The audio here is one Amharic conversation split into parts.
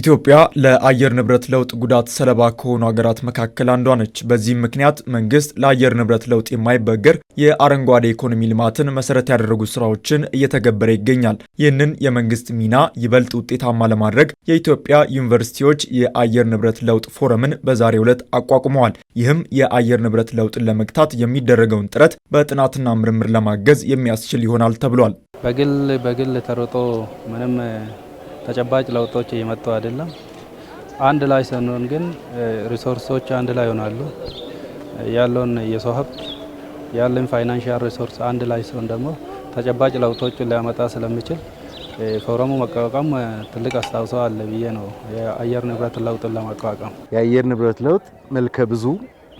ኢትዮጵያ ለአየር ንብረት ለውጥ ጉዳት ሰለባ ከሆኑ ሀገራት መካከል አንዷ ነች። በዚህም ምክንያት መንግስት ለአየር ንብረት ለውጥ የማይበገር የአረንጓዴ ኢኮኖሚ ልማትን መሰረት ያደረጉ ስራዎችን እየተገበረ ይገኛል። ይህንን የመንግስት ሚና ይበልጥ ውጤታማ ለማድረግ የኢትዮጵያ ዩኒቨርሲቲዎች የአየር ንብረት ለውጥ ፎረምን በዛሬው ዕለት አቋቁመዋል። ይህም የአየር ንብረት ለውጥን ለመግታት የሚደረገውን ጥረት በጥናትና ምርምር ለማገዝ የሚያስችል ይሆናል ተብሏል። በግል በግል ተሮጦ ምንም ተጨባጭ ለውጦች እየመጡ አይደለም። አንድ ላይ ስንሆን ግን ሪሶርሶች አንድ ላይ ይሆናሉ። ያለውን የሰው ሀብት ያለን ፋይናንሻል ሪሶርስ አንድ ላይ ሲሆን ደግሞ ተጨባጭ ለውጦችን ሊያመጣ ስለሚችል ፎረሙ መቋቋም ትልቅ አስተዋጽኦ አለ ብዬ ነው። የአየር ንብረት ለውጥን ለመቋቋም የአየር ንብረት ለውጥ መልከ ብዙ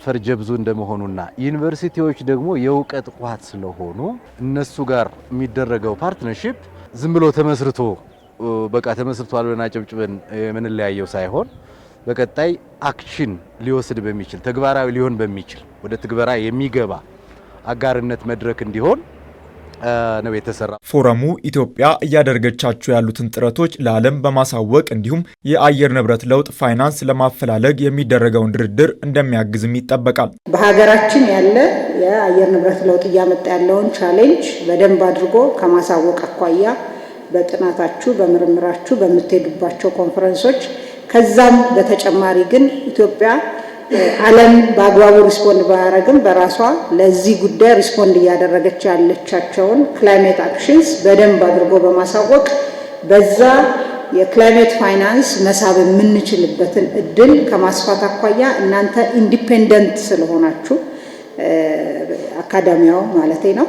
ፈርጀ ብዙ እንደመሆኑና ዩኒቨርሲቲዎች ደግሞ የእውቀት ቋት ስለሆኑ እነሱ ጋር የሚደረገው ፓርትነርሺፕ ዝም ብሎ ተመስርቶ በቃ ተመስርቷል ብለን አጨብጭበን የምንለያየው ሳይሆን በቀጣይ አክሽን ሊወስድ በሚችል ተግባራዊ ሊሆን በሚችል ወደ ትግበራ የሚገባ አጋርነት መድረክ እንዲሆን ነው የተሰራ። ፎረሙ ኢትዮጵያ እያደረገቻቸው ያሉትን ጥረቶች ለዓለም በማሳወቅ እንዲሁም የአየር ንብረት ለውጥ ፋይናንስ ለማፈላለግ የሚደረገውን ድርድር እንደሚያግዝም ይጠበቃል። በሀገራችን ያለ የአየር ንብረት ለውጥ እያመጣ ያለውን ቻሌንጅ በደንብ አድርጎ ከማሳወቅ አኳያ በጥናታችሁ በምርምራችሁ በምትሄዱባቸው ኮንፈረንሶች ከዛም በተጨማሪ ግን ኢትዮጵያ ዓለም በአግባቡ ሪስፖንድ ባያደረግም በራሷ ለዚህ ጉዳይ ሪስፖንድ እያደረገች ያለቻቸውን ክላይሜት አክሽንስ በደንብ አድርጎ በማሳወቅ በዛ የክላይሜት ፋይናንስ መሳብ የምንችልበትን እድል ከማስፋት አኳያ እናንተ ኢንዲፔንደንት ስለሆናችሁ አካዳሚያው ማለት ነው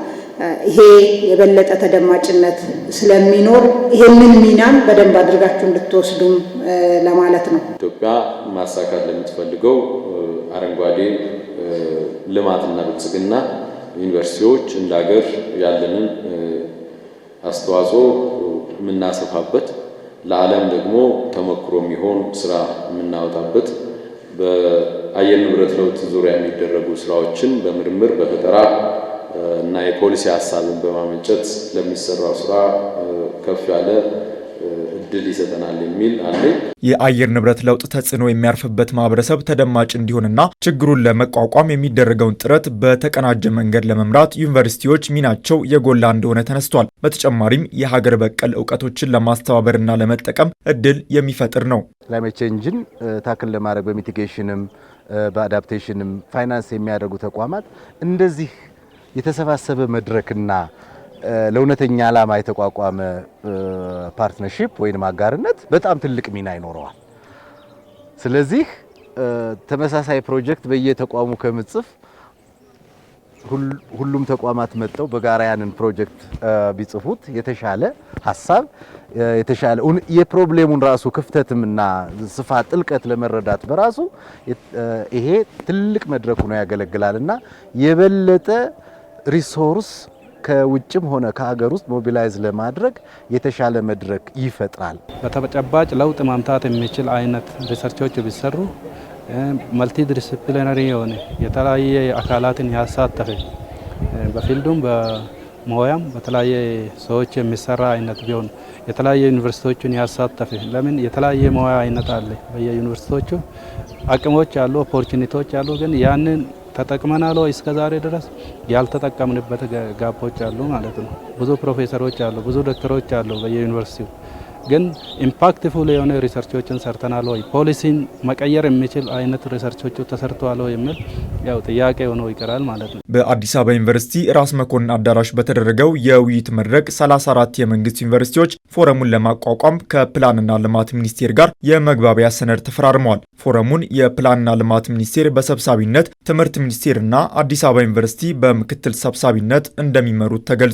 ይሄ የበለጠ ተደማጭነት ስለሚኖር ይሄንን ሚናን በደንብ አድርጋችሁ እንድትወስዱም ለማለት ነው። ኢትዮጵያ ማሳካት ለምትፈልገው አረንጓዴ ልማትና ብልጽግና ዩኒቨርሲቲዎች እንደ ሀገር ያለንን አስተዋጽኦ የምናሰፋበት ለዓለም ደግሞ ተሞክሮ የሚሆን ስራ የምናወጣበት በአየር ንብረት ለውጥ ዙሪያ የሚደረጉ ስራዎችን በምርምር በፈጠራ እና የፖሊሲ ሀሳብን በማመንጨት ለሚሰራው ስራ ከፍ ያለ እድል ይሰጠናል የሚል አለ። የአየር ንብረት ለውጥ ተጽዕኖ የሚያርፍበት ማህበረሰብ ተደማጭ እንዲሆንና ችግሩን ለመቋቋም የሚደረገውን ጥረት በተቀናጀ መንገድ ለመምራት ዩኒቨርሲቲዎች ሚናቸው የጎላ እንደሆነ ተነስቷል። በተጨማሪም የሀገር በቀል እውቀቶችን ለማስተባበርና ለመጠቀም እድል የሚፈጥር ነው። ክላይሜት ቼንጅን ታክል ለማድረግ በሚቲጌሽንም በአዳፕቴሽንም ፋይናንስ የሚያደርጉ ተቋማት እንደዚህ የተሰባሰበ መድረክና ለእውነተኛ ዓላማ የተቋቋመ ፓርትነርሺፕ ወይም አጋርነት በጣም ትልቅ ሚና ይኖረዋል። ስለዚህ ተመሳሳይ ፕሮጀክት በየተቋሙ ከምጽፍ ሁሉም ተቋማት መጥተው በጋራ ያንን ፕሮጀክት ቢጽፉት የተሻለ ሀሳብ የተሻለ የፕሮብሌሙን ራሱ ክፍተትምና ስፋት ጥልቀት ለመረዳት በራሱ ይሄ ትልቅ መድረክ ሆኖ ያገለግላልና የበለጠ ሪሶርስ ከውጭም ሆነ ከሀገር ውስጥ ሞቢላይዝ ለማድረግ የተሻለ መድረክ ይፈጥራል። በተጨባጭ ለውጥ ማምታት የሚችል አይነት ሪሰርቾች ቢሰሩ መልቲ ዲስፕሊነሪ የሆነ የተለያየ አካላትን ያሳተፈ በፊልዱም በሙያም በተለያየ ሰዎች የሚሰራ አይነት ቢሆን የተለያየ ዩኒቨርሲቲዎችን ያሳተፈ ለምን የተለያየ ሙያ አይነት አለ በየዩኒቨርሲቲዎቹ አቅሞች አሉ፣ ኦፖርቹኒቲዎች አሉ። ግን ያንን ተጠቅመናል ወይ? ዛሬ ድረስ ያልተጠቀምንበት ጋፖች አሉ ማለት ነው። ብዙ ፕሮፌሰሮች አሉ፣ ብዙ ዶክተሮች አሉ በየዩኒቨርሲቲው ግን ኢምፓክትፉል የሆነ ሪሰርቾችን ሰርተናል ወይ፣ ፖሊሲን መቀየር የሚችል አይነት ሪሰርቾቹ ተሰርተዋል ወይ የሚል ያው ጥያቄ ሆኖ ይቀራል ማለት ነው። በአዲስ አበባ ዩኒቨርሲቲ ራስ መኮንን አዳራሽ በተደረገው የውይይት መድረክ 34 የመንግስት ዩኒቨርሲቲዎች ፎረሙን ለማቋቋም ከፕላንና ልማት ሚኒስቴር ጋር የመግባቢያ ሰነድ ተፈራርመዋል። ፎረሙን የፕላንና ልማት ሚኒስቴር በሰብሳቢነት ትምህርት ሚኒስቴርና አዲስ አበባ ዩኒቨርሲቲ በምክትል ሰብሳቢነት እንደሚመሩት ተገልጿል።